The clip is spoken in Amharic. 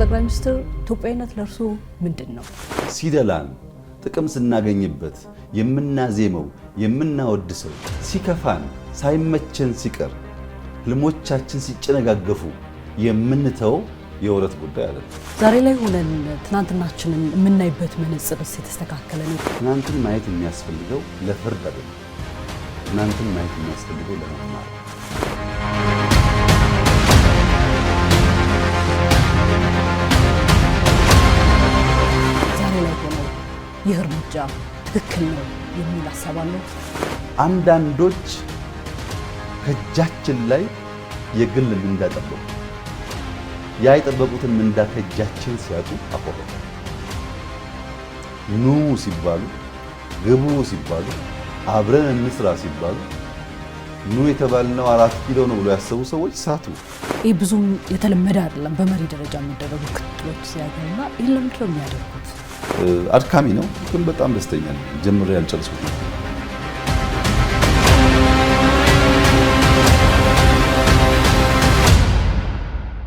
ጠቅላይ ሚኒስትር ኢትዮጵያዊነት ለእርሱ ምንድን ነው? ሲደላን ጥቅም ስናገኝበት የምናዜመው የምናወድሰው፣ ሲከፋን ሳይመቸን ሲቀር ህልሞቻችን ሲጨነጋገፉ የምንተው የውረት ጉዳይ አለ። ዛሬ ላይ ሆነን ትናንትናችንን የምናይበት መነጽርስ የተስተካከለ ነው? ትናንትን ማየት የሚያስፈልገው ለፍርድ አይደለም። ትናንትን ማየት የሚያስፈልገው ለመማር ይህ እርምጃ ትክክል ነው የሚል ሀሳብ አለው። አንዳንዶች ከእጃችን ላይ የግል ምንዳ ጠበቁ። ያ የጠበቁትን ምንዳ ከእጃችን ሲያጡ አቆረጡ። ኑ ሲባሉ፣ ግቡ ሲባሉ፣ አብረን እንስራ ሲባሉ ኑ የተባልነው አራት ኪሎ ነው ብሎ ያሰቡ ሰዎች ሳቱ። ይህ ብዙም የተለመደ አይደለም። በመሪ ደረጃ የሚደረጉ ክትሎች ሲያገኙና ይህ ለምንድነው የሚያደርጉ አድካሚ ነው፣ ግን በጣም ደስተኛ ነኝ። ጀምሬ ያልጨረስኩት ነው።